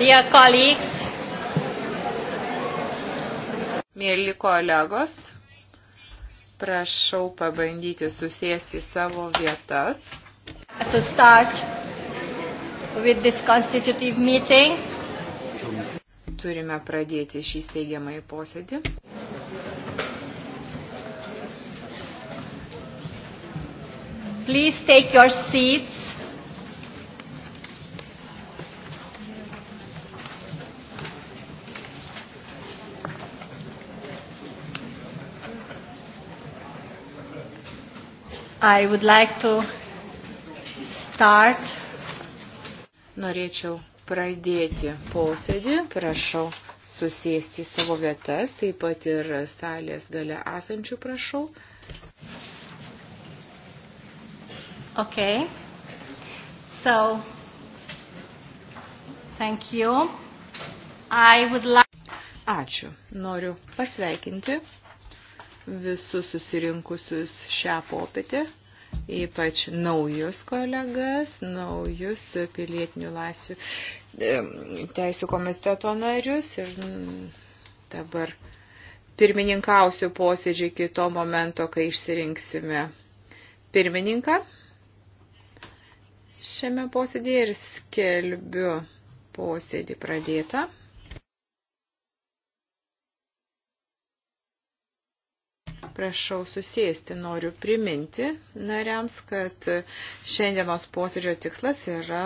Dear colleagues. Mėly kolegos, prašau pabandyti susėsti savo vietas. To start with this constitutive meeting. Turime pradėti šį steigiamąjį posėdį. Please take your seats. I would like to start. Norėčiau pradėti posėdį. Prašau susėsti į savo vietas, taip pat ir salės gale esančių prašau. Okay. So, thank you. I would like... Ačiū. Noriu pasveikinti visus susirinkusius šią popietę ypač naujus kolegas, naujus pilietinių lasių teisų komiteto narius ir mm, dabar pirmininkausiu posėdžiui iki to momento, kai išsirinksime pirmininką šiame posėdėje ir skelbiu posėdį pradėtą. Prašau susėsti. Noriu priminti nariams, kad šiandienos posėdžio tikslas yra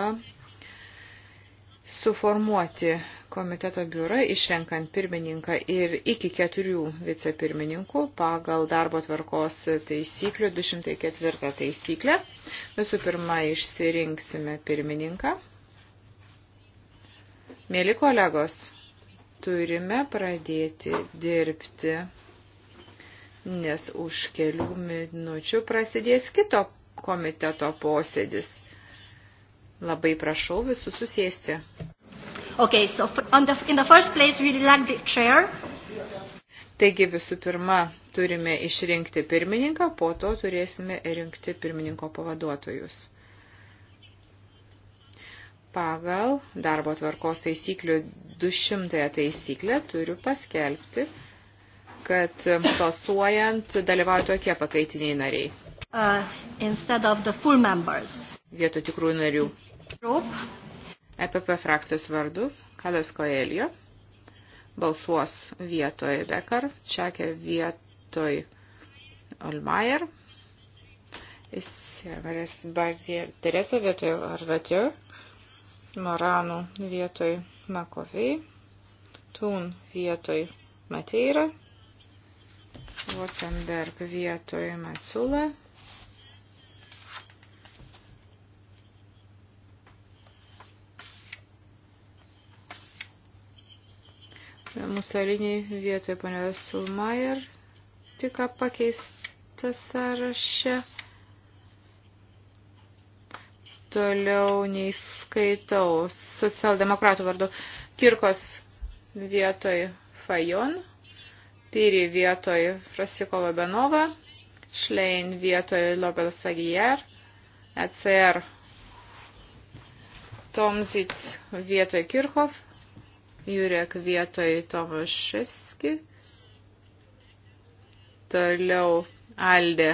suformuoti komiteto biurą, išrenkant pirmininką ir iki keturių vicepirmininkų pagal darbo tvarkos taisyklių 204 taisyklę. Visų pirma, išsirinksime pirmininką. Mėly kolegos, turime pradėti dirbti nes už kelių minučių prasidės kito komiteto posėdis. Labai prašau visus susėsti. Okay, so on the, in the first place, we elect the chair. Taigi visų pirma turime išrinkti pirmininką, po to turėsime rinkti pirmininko pavaduotojus. Pagal darbo tvarkos taisyklių 200 taisyklę turiu paskelbti, kad balsuojant dalyvauja tokie pakaitiniai nariai. Uh, Vietų tikrųjų narių. Group. EPP frakcijos vardu Kalės Koelio balsuos vietoj Bekar, Čekė vietoj Olmayer, Severės Bazier Teresa vietoj Arvetio, Moranų vietoj Makovei, Tun vietoj Mateira, Votenberg vietoj Matsula. Musolinį vietoje ponios Sulmajer tik pakeista sąraše. Toliau neįskaitau socialdemokratų vardu Kirkos vietoj Fajon. Piri vietoj Frasikova Benova, Šlein vietoj Lopez Agijar, ECR Tomzic vietoj Kirchhoff, Jurek vietoj Tomaševski, toliau Alde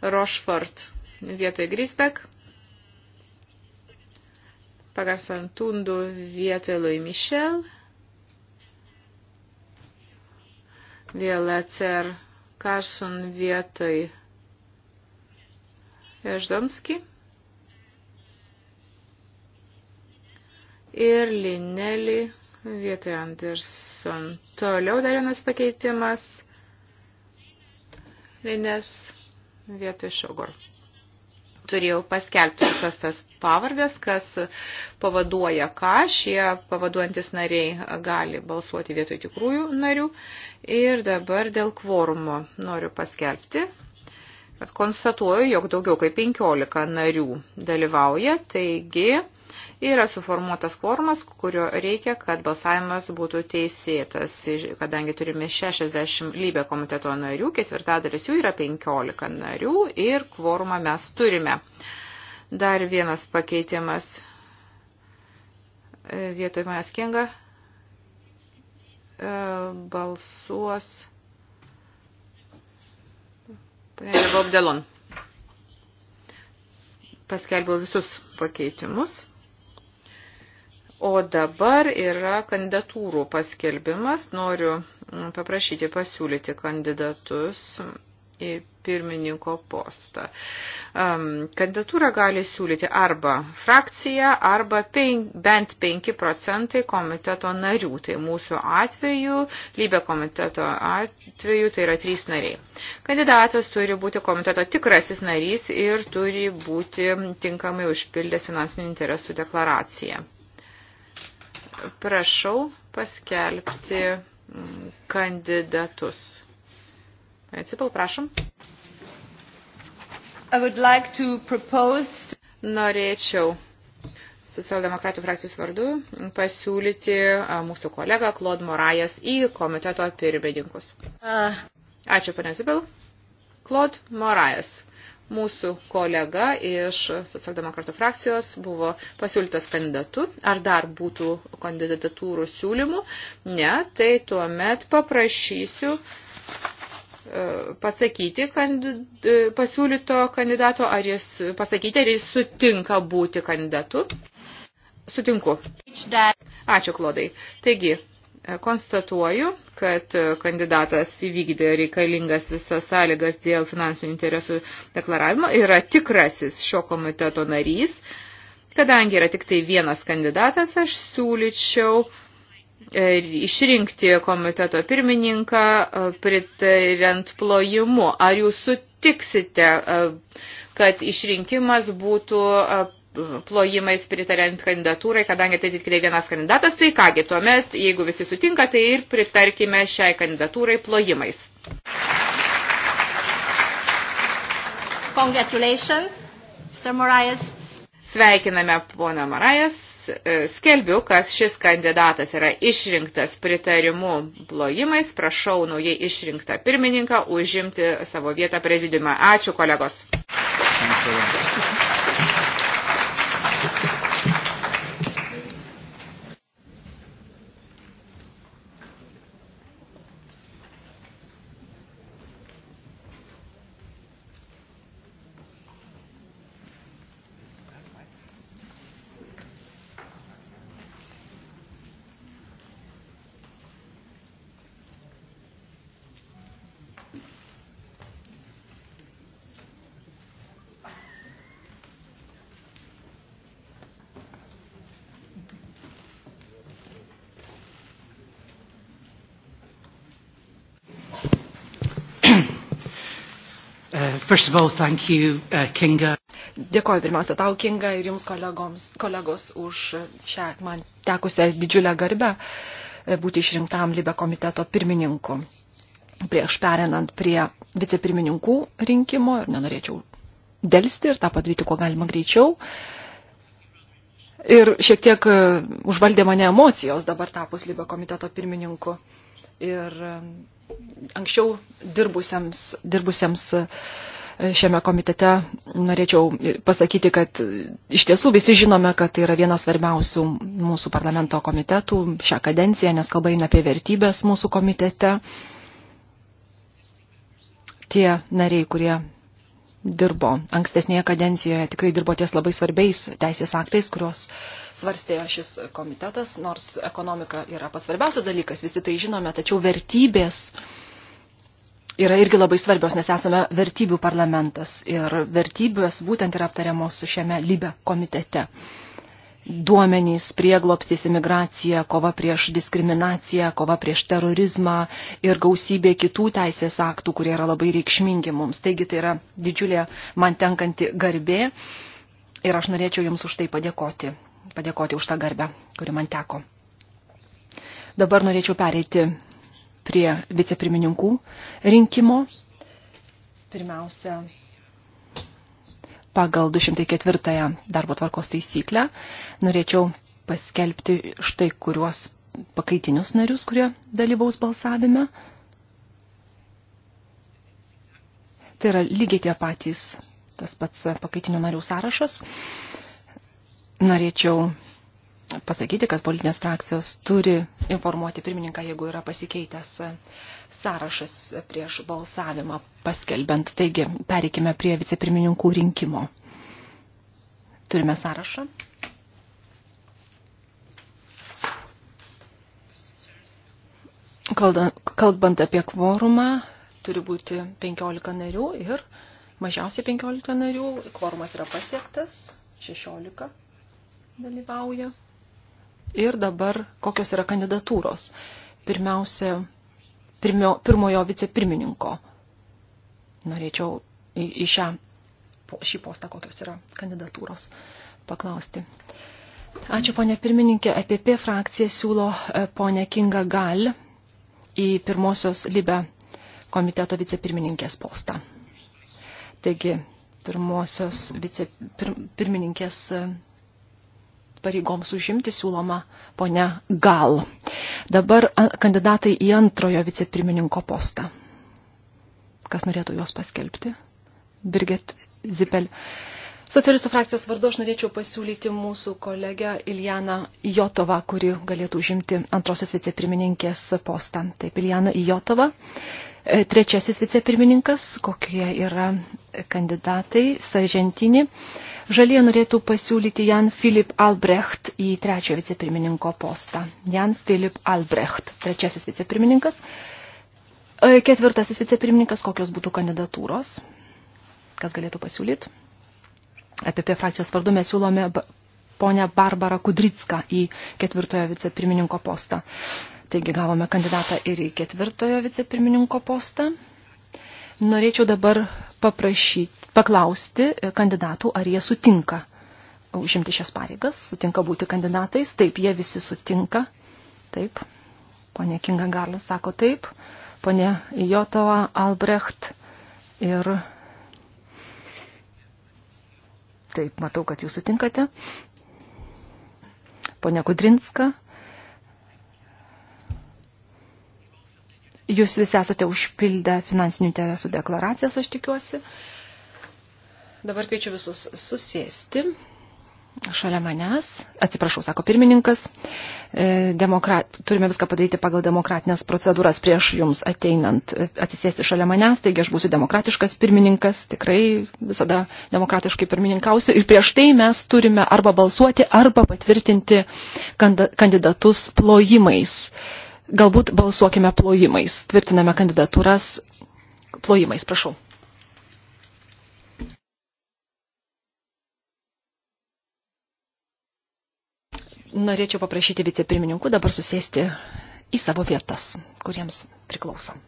Rošford vietoj Grisbek, Pagarson Tundu vietoj Louis Michel, Vėl ECR Carson vietoj Ježdomski. Ir Linelį vietoj Anderson. Toliau dar vienas pakeitimas. Linės vietoj Šogor turėjau paskelbti visas tas pavargas, kas pavaduoja ką, šie pavaduojantis nariai gali balsuoti vietoj tikrųjų narių. Ir dabar dėl kvorumo noriu paskelbti, kad konstatuoju, jog daugiau kaip 15 narių dalyvauja, taigi Yra suformuotas kvormas, kurio reikia, kad balsavimas būtų teisėtas, kadangi turime 60 lybę komiteto narių, ketvirtadalis jų yra 15 narių ir kvormą mes turime. Dar vienas pakeitimas e, vietoj manęs kenga e, balsuos Bob Delon. Paskelbiau visus pakeitimus. O dabar yra kandidatūrų paskelbimas. Noriu mm, paprašyti pasiūlyti kandidatus į pirmininko postą. Um, kandidatūrą gali siūlyti arba frakcija, arba pen, bent 5 procentai komiteto narių. Tai mūsų atveju, lybė komiteto atveju, tai yra 3 nariai. Kandidatas turi būti komiteto tikrasis narys ir turi būti tinkamai užpildęs finansinių interesų deklaraciją prašau paskelbti mm, kandidatus. Atsipal, prašom. Like propose... Norėčiau socialdemokratų frakcijos vardu pasiūlyti mūsų kolegą Klod Morajas į komiteto pirmininkus. Uh. Ačiū, panė Zibel. Klod Morajas Mūsų kolega iš socialdemokratų frakcijos buvo pasiūlytas kandidatu. Ar dar būtų kandidatūrų siūlymų? Ne, tai tuomet paprašysiu e, pasakyti kandid, e, pasiūlyto kandidato, ar jis pasakyti, ar jis sutinka būti kandidatu. Sutinku. Ačiū, Klodai. Taigi, Konstatuoju, kad e, kandidatas įvykdė reikalingas visas sąlygas dėl finansinių interesų deklaravimo, yra tikrasis šio komiteto narys. Kadangi yra tik tai vienas kandidatas, aš siūlyčiau e, išrinkti komiteto pirmininką e, pritariant plojimu. Ar jūs sutiksite, kad išrinkimas būtų plojimais pritariant kandidatūrai, kadangi tai tik tai vienas kandidatas, tai kągi tuomet, jeigu visi sutinka, tai ir pritarkime šiai kandidatūrai plojimais. Congratulations, Mr. Moraes. Sveikiname poną Moraes. E, skelbiu, kad šis kandidatas yra išrinktas pritarimu plojimais. Prašau naujai išrinktą pirmininką užimti savo vietą prezidiumą. Ačiū, kolegos. Thank you. Uh, first of all, thank you, uh, Kinga. Dėkoju pirmiausia tau, Kinga, ir jums kolegoms, kolegos už šią man tekusią didžiulę garbę uh, būti išrinktam Libe komiteto pirmininku. Prieš perinant prie vicepirmininkų rinkimo, ir nenorėčiau delsti ir tą padaryti, ko galima greičiau. Ir šiek tiek uh, užvaldė mane emocijos dabar tapus Libe komiteto pirmininku. Uh, ir um, anksčiau dirbusiems, dirbusiems uh, šiame komitete norėčiau pasakyti, kad uh, iš tiesų visi žinome, kad tai yra vienas svarbiausių mūsų parlamento komitetų šią kadenciją, nes kalba eina apie vertybės mūsų komitete. Tie nariai, kurie dirbo ankstesnėje kadencijoje, tikrai dirbo ties labai svarbiais teisės aktais, kuriuos svarstė šis komitetas, nors ekonomika yra pats svarbiausias dalykas, visi tai žinome, tačiau vertybės yra irgi labai svarbios, nes esame vertybių parlamentas ir vertybės būtent yra aptariamos šiame lybe komitete duomenys, prieglopstis, imigracija, kova prieš diskriminaciją, kova prieš terorizmą ir gausybė kitų teisės aktų, kurie yra labai reikšmingi mums. Taigi tai yra didžiulė man tenkanti garbė ir aš norėčiau Jums už tai padėkoti, padėkoti už tą garbę, kuri man teko. Dabar norėčiau pereiti prie vicepirmininkų rinkimo. Pirmiausia, pagal 204 darbo tvarkos taisyklę norėčiau paskelbti štai kuriuos pakaitinius narius, kurie dalyvaus balsavime. Tai yra lygiai tie patys tas pats pakaitinių narių sąrašas. Norėčiau pasakyti, kad politinės frakcijos turi informuoti pirmininką, jeigu yra pasikeitęs sąrašas prieš balsavimą paskelbent. Taigi, pereikime prie vicepirmininkų rinkimo. Turime sąrašą. Kalbant apie kvorumą, turi būti 15 narių ir mažiausiai 15 narių. Kvorumas yra pasiektas, 16 dalyvauja. Ir dabar kokios yra kandidatūros. Pirmiausia, pirmio, pirmojo vicepirmininko. Norėčiau į, į šią, po, šį postą, kokios yra kandidatūros, paklausti. Ačiū, ponė pirmininkė. EPP frakcija siūlo e, ponę Kinga Gal į pirmosios Libe komiteto vicepirmininkės postą. Taigi, pirmosios vicepirmininkės. Pir, pareigoms užimti siūloma ponia Gal. Dabar kandidatai į antrojo vicepirmininko postą. Kas norėtų juos paskelbti? Birgit Zipel. Socialistų frakcijos vardu aš norėčiau pasiūlyti mūsų kolegę Iljaną Jotovą, kuri galėtų užimti antrosios vicepirmininkės postą. Taip, Iljana Jotova. E, trečiasis vicepirmininkas, kokie yra kandidatai, Sažentinį. Žalie norėtų pasiūlyti Jan Filip Albrecht į trečiojo vicepirmininko postą. Jan Filip Albrecht, trečiasis vicepirmininkas. E, ketvirtasis vicepirmininkas, kokios būtų kandidatūros? Kas galėtų pasiūlyti? Apie pie frakcijos vardu mes siūlome ponę Barbarą Kudricką į ketvirtojo vicepirmininko postą. Taigi gavome kandidatą ir į ketvirtojo vicepirmininko postą. Norėčiau dabar paprašyti paklausti e, kandidatų, ar jie sutinka užimti šias pareigas, sutinka būti kandidatais. Taip, jie visi sutinka. Taip. Pone Kinga Garlas sako taip. Pone Jotova Albrecht ir. Taip, matau, kad jūs sutinkate. Pone Kudrinska. Jūs visi esate užpildę finansinių interesų deklaracijas, aš tikiuosi. Uh, Dabar kviečiu visus susėsti. Šalia manęs, atsiprašau, sako pirmininkas, e, demokrat, turime viską padaryti pagal demokratinės procedūras prieš jums ateinant e, atsisėsti šalia manęs, taigi aš būsiu demokratiškas pirmininkas, tikrai visada demokratiškai pirmininkausiu ir prieš tai mes turime arba balsuoti, arba patvirtinti kandidatus plojimais. Galbūt balsuokime plojimais, tvirtiname kandidatūras plojimais, prašau. norėčiau paprašyti vicepirmininkų dabar susėsti į savo vietas, kuriems priklausom.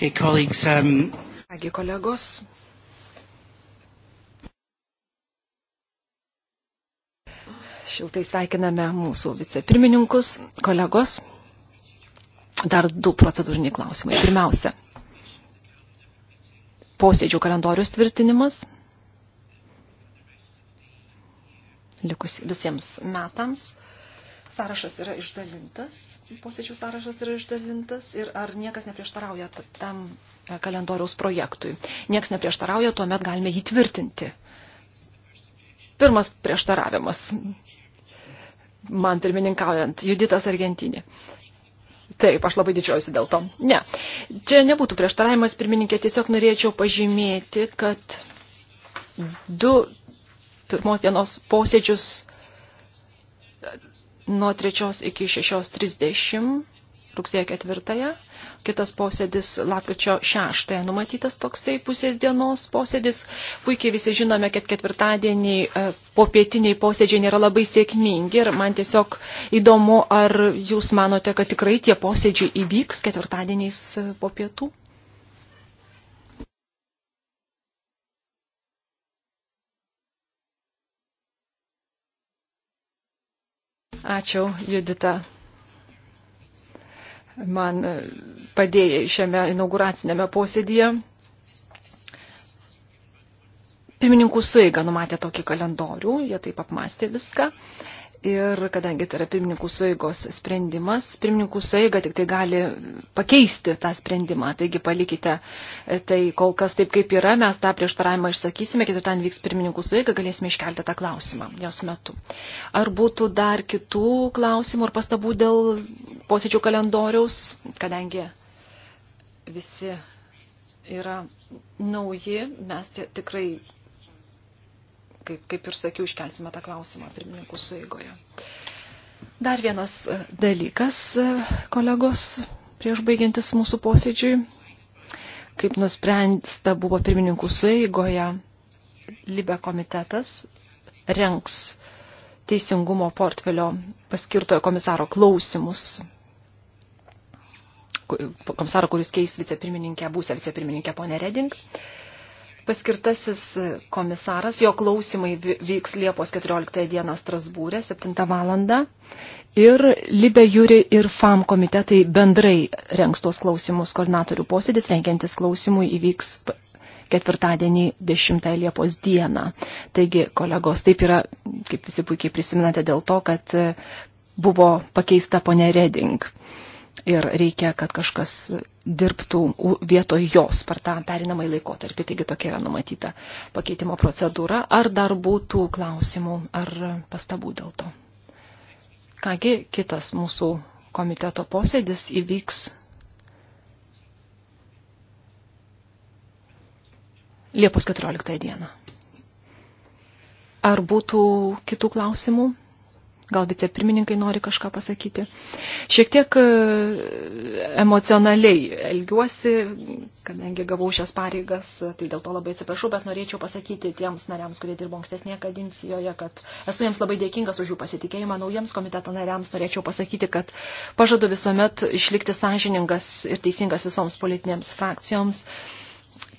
Okay, colleagues, um... Kągi kolegos. Šiltai sveikiname mūsų vicepirmininkus, kolegos. Dar du procedūriniai klausimai. Pirmiausia, posėdžių kalendorius tvirtinimas. Likus visiems metams sąrašas yra išdalintas, posėdžių sąrašas yra išdalintas ir ar niekas neprieštarauja tam e, kalendoriaus projektui. Niekas neprieštarauja, tuomet galime jį tvirtinti. Pirmas prieštaravimas, man pirmininkaujant, Juditas Argentinė. Taip, aš labai didžiuojusi dėl to. Ne, čia nebūtų prieštaravimas, pirmininkė, tiesiog norėčiau pažymėti, kad du pirmos dienos posėdžius nuo 3 iki 6.30 rugsėjo 4. Kitas posėdis lapkričio 6. Numatytas toksai pusės dienos posėdis. Puikiai visi žinome, kad ketvirtadieniai e, popietiniai posėdžiai nėra labai sėkmingi ir man tiesiog įdomu, ar jūs manote, kad tikrai tie posėdžiai įvyks ketvirtadieniais e, po pietų. Ačiū, Judita. Man e, padėjai šiame inauguracinėme posėdyje. Pirmininkų suiga numatė tokį kalendorių, jie taip apmastė viską ir kadangi tai yra pirmininkų saigos sprendimas, pirmininkų saiga tik tai gali pakeisti tą sprendimą, taigi palikite tai kol kas taip kaip yra, mes tą prieštaravimą išsakysime, ketvirtadienį vyks pirmininkų saiga, galėsime iškelti tą klausimą jos metu. Ar būtų dar kitų klausimų ar pastabų dėl posėdžių kalendoriaus, kadangi visi yra nauji, mes tikrai kaip, kaip ir sakiau, iškelsime tą klausimą pirmininkų sueigoje. Dar vienas e, dalykas, e, kolegos, prieš baigiantis mūsų posėdžiui, kaip nusprendsta buvo pirmininkų sueigoje, Libe komitetas renks teisingumo portfelio paskirtojo komisaro klausimus. Komisaro, kuris keis vicepirmininkę, būsę vicepirmininkę ponę Reding paskirtasis komisaras, jo klausimai vyks Liepos 14 dieną Strasbūrė, 7 valandą. Ir Libė Jūri ir FAM komitetai bendrai rengs tos klausimus. Koordinatorių posėdis renkiantis klausimui įvyks ketvirtadienį 10 Liepos dieną. Taigi, kolegos, taip yra, kaip visi puikiai prisiminate, dėl to, kad buvo pakeista ponė Reding ir reikia, kad kažkas dirbtų vietoj jos per tą perinamą laikotarpį. Taigi tokia yra numatyta pakeitimo procedūra. Ar dar būtų klausimų ar pastabų dėl to? Kągi, kitas mūsų komiteto posėdis įvyks Liepos 14 dieną. Ar būtų kitų klausimų? Gal vicepirmininkai nori kažką pasakyti. Šiek tiek e, emocionaliai elgiuosi, kadangi gavau šias pareigas, tai dėl to labai atsiprašau, bet norėčiau pasakyti tiems nariams, kurie dirbo ankstesnėje kadencijoje, kad esu jiems labai dėkingas už jų pasitikėjimą. Naujiems komiteto nariams norėčiau pasakyti, kad pažadu visuomet išlikti sąžiningas ir teisingas visoms politinėms frakcijoms. Thank you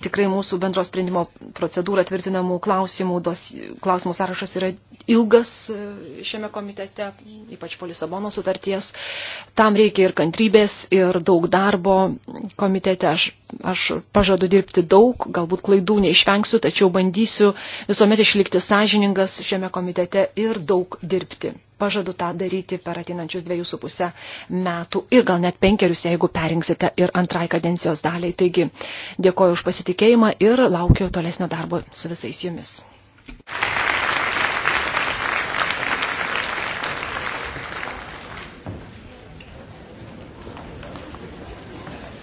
tikrai mūsų bendros sprendimo procedūra tvirtinamų klausimų, dos, klausimų sąrašas yra ilgas e, šiame komitete, ypač po Lisabono sutarties. Tam reikia ir kantrybės, ir daug darbo komitete. Aš, aš pažadu dirbti daug, galbūt klaidų neišvengsiu, tačiau bandysiu visuomet išlikti sąžiningas šiame komitete ir daug dirbti pažadu tą daryti per ateinančius dviejus su pusę metų ir gal net penkerius, jeigu perinksite ir antrai kadencijos daliai. Taigi dėkoju už pasitikėjimą ir laukiu tolesnio darbo su visais jumis.